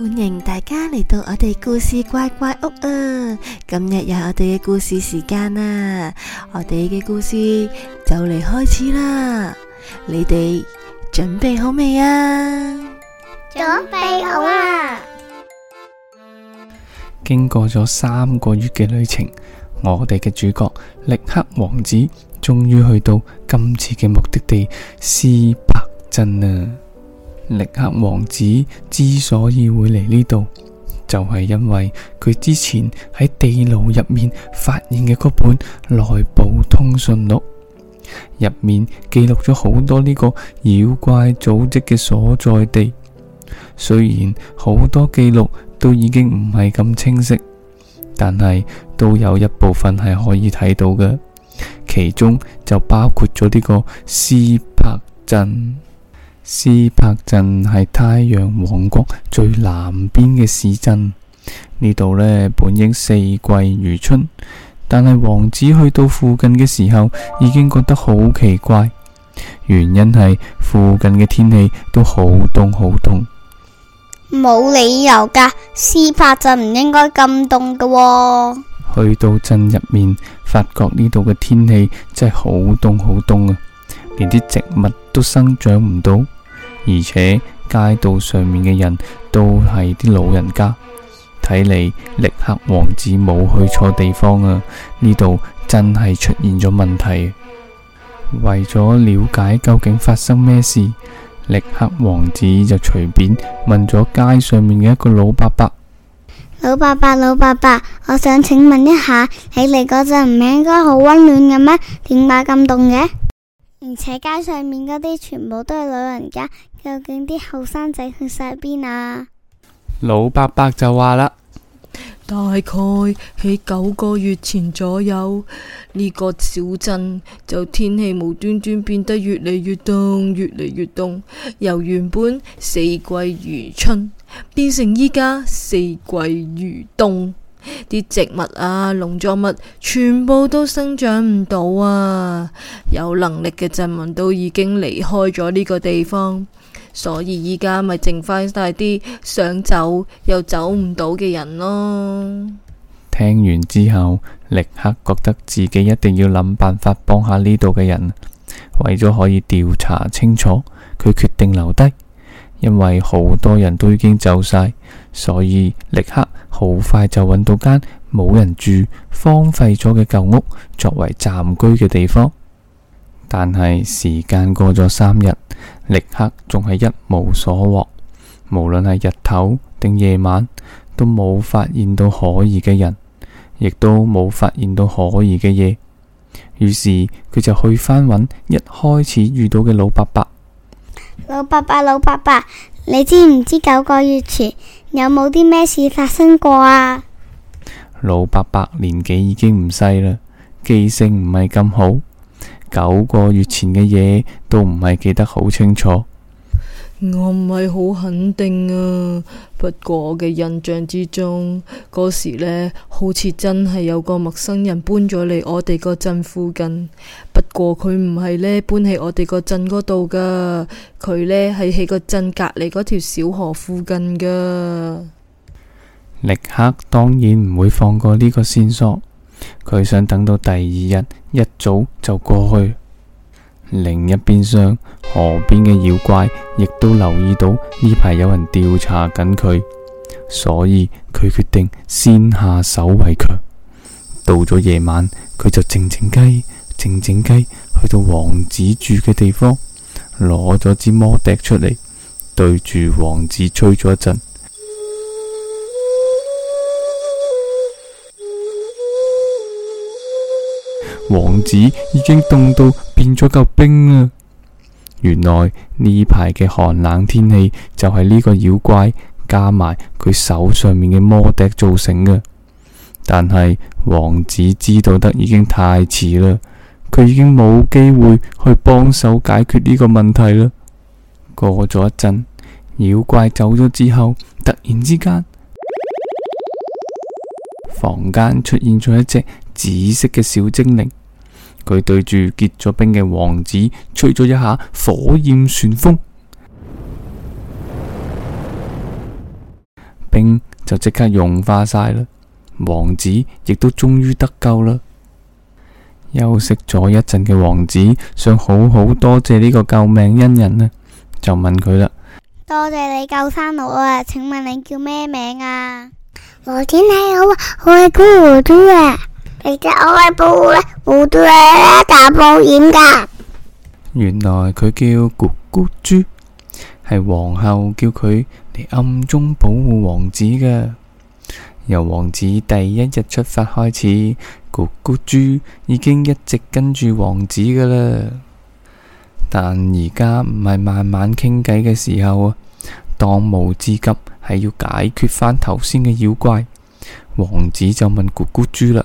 歡迎大家嚟到我哋故事怪怪屋啊！今日有我哋嘅故事時間啊！我哋嘅故事就嚟開始啦，你哋準備好未啊？準備好啦！經過咗三個月嘅旅程，我哋嘅主角歷克王子終於去到今次嘅目的地斯柏鎮啊。力克王子之所以會嚟呢度，就係因為佢之前喺地牢入面發現嘅嗰本內部通訊錄，入面記錄咗好多呢個妖怪組織嘅所在地。雖然好多記錄都已經唔係咁清晰，但係都有一部分係可以睇到嘅，其中就包括咗呢個斯柏鎮。斯柏鎮係太陽王國最南邊嘅市鎮，呢度呢，本應四季如春，但係王子去到附近嘅時候，已經覺得好奇怪，原因係附近嘅天氣都好凍好凍，冇理由噶。斯柏鎮唔應該咁凍噶喎。去到鎮入面，發覺呢度嘅天氣真係好凍好凍啊，連啲植物都生長唔到。而且街道上面嘅人都係啲老人家，睇嚟歷克王子冇去錯地方啊！呢度真係出現咗問題。為咗了，了解究竟發生咩事，歷克王子就隨便問咗街上面嘅一個老伯伯：老伯伯，老伯伯，我想請問一下，你嚟嗰陣唔應該好溫暖嘅咩？點解咁凍嘅？而且街上面嗰啲全部都係老人家。究竟啲後生仔去晒邊啊？老伯伯就話啦，大概喺九個月前左右，呢個小鎮就天氣無端端變得越嚟越凍，越嚟越凍，由原本四季如春變成依家四季如冬，啲植物啊，農作物全部都生長唔到啊！有能力嘅鎮民都已經離開咗呢個地方。所以依家咪剩翻晒啲想走又走唔到嘅人咯。聽完之後，歷克覺得自己一定要諗辦法幫下呢度嘅人，為咗可以調查清楚，佢決定留低，因為好多人都已經走晒，所以歷克好快就揾到間冇人住、荒廢咗嘅舊屋作為暫居嘅地方。但係時間過咗三日。歷克仲係一無所獲，無論係日頭定夜晚，都冇發現到可疑嘅人，亦都冇發現到可疑嘅嘢。於是佢就去返揾一開始遇到嘅老伯伯。老伯伯，老伯伯，你知唔知九個月前有冇啲咩事發生過啊？老伯伯年紀已經唔細啦，記性唔係咁好。九個月前嘅嘢都唔係記得好清楚，我唔係好肯定啊。不過我嘅印象之中，嗰時呢好似真係有個陌生人搬咗嚟我哋個鎮附近。不過佢唔係呢搬喺我哋個鎮嗰度噶，佢呢係喺個鎮隔離嗰條小河附近噶。歷克當然唔會放過呢個線索。佢想等到第二日一早就過去。另一邊上河邊嘅妖怪亦都留意到呢排有人調查緊佢，所以佢決定先下手為強。到咗夜晚，佢就靜靜雞，靜靜雞去到王子住嘅地方，攞咗支魔笛出嚟，對住王子吹咗一陣。王子已經凍到變咗嚿冰啊！原來呢排嘅寒冷天氣就係呢個妖怪加埋佢手上面嘅魔笛造成嘅。但係王子知道得已經太遲啦，佢已經冇機會去幫手解決呢個問題啦。過咗一陣，妖怪走咗之後，突然之間，房間出現咗一隻紫色嘅小精靈。佢對住結咗冰嘅王子吹咗一下火焰旋風，冰就即刻融化晒啦。王子亦都終於得救啦。休息咗一陣嘅王子想好好多謝呢個救命恩人啦，就問佢啦：多謝你救生我啊，請問你叫咩名啊？我天體好啊，灰姑娘。原來佢叫咕咕豬，係皇后叫佢嚟暗中保護王子㗎。由王子第一日出發開始，咕咕豬已經一直跟住王子㗎啦。但而家唔係慢慢傾偈嘅時候，當務之急係要解決返頭先嘅妖怪。王子就問咕咕豬啦。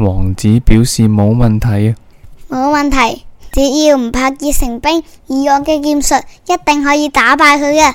王子表示冇問題啊，冇問題，只要唔怕結成冰，以我嘅劍術，一定可以打敗佢嘅。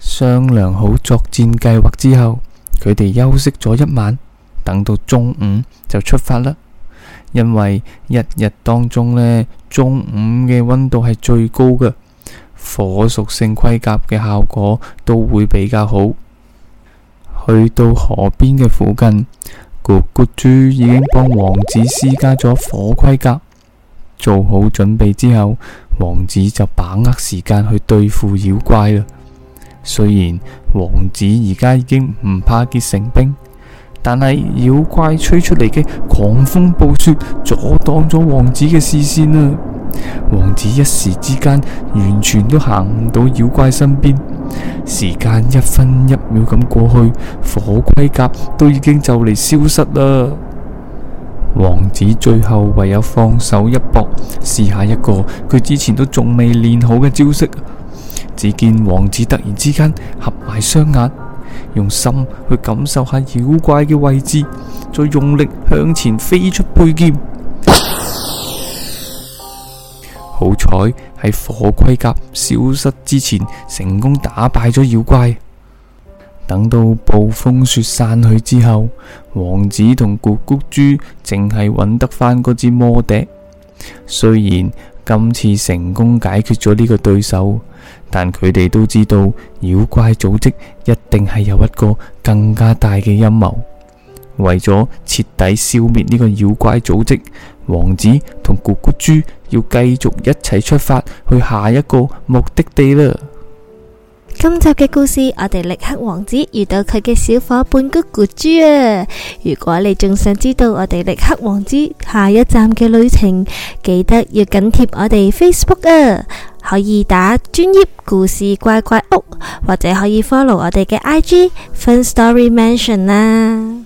商量好作戰計劃之後，佢哋休息咗一晚，等到中午就出發啦。因為一日當中呢，中午嘅溫度係最高嘅，火屬性盔甲嘅效果都會比較好。去到河邊嘅附近。咕咕豬已經幫王子施加咗火盔甲，做好準備之後，王子就把握時間去對付妖怪啦。雖然王子而家已經唔怕結成冰，但係妖怪吹出嚟嘅狂風暴雪阻擋咗王子嘅視線啦。王子一時之間完全都行唔到妖怪身邊，時間一分一秒咁過去，火龜甲都已經就嚟消失啦。王子最後唯有放手一搏，試下一個佢之前都仲未練好嘅招式。只見王子突然之間合埋雙眼，用心去感受下妖怪嘅位置，再用力向前飛出佩劍。好彩喺火盔甲消失之前成功打敗咗妖怪。等到暴風雪散去之後，王子同咕咕豬淨係搵得翻嗰支魔笛。雖然今次成功解決咗呢個對手，但佢哋都知道妖怪組織一定係有一個更加大嘅陰謀。為咗徹底消滅呢個妖怪組織，王子同咕咕豬要繼續一齊出發去下一個目的地啦。今集嘅故事，我哋歷克王子遇到佢嘅小伙伴咕咕豬啊。如果你仲想知道我哋歷克王子下一站嘅旅程，記得要緊貼我哋 Facebook 啊，可以打專頁故事怪怪屋，或者可以 follow 我哋嘅 IG Fun Story Maison 啊。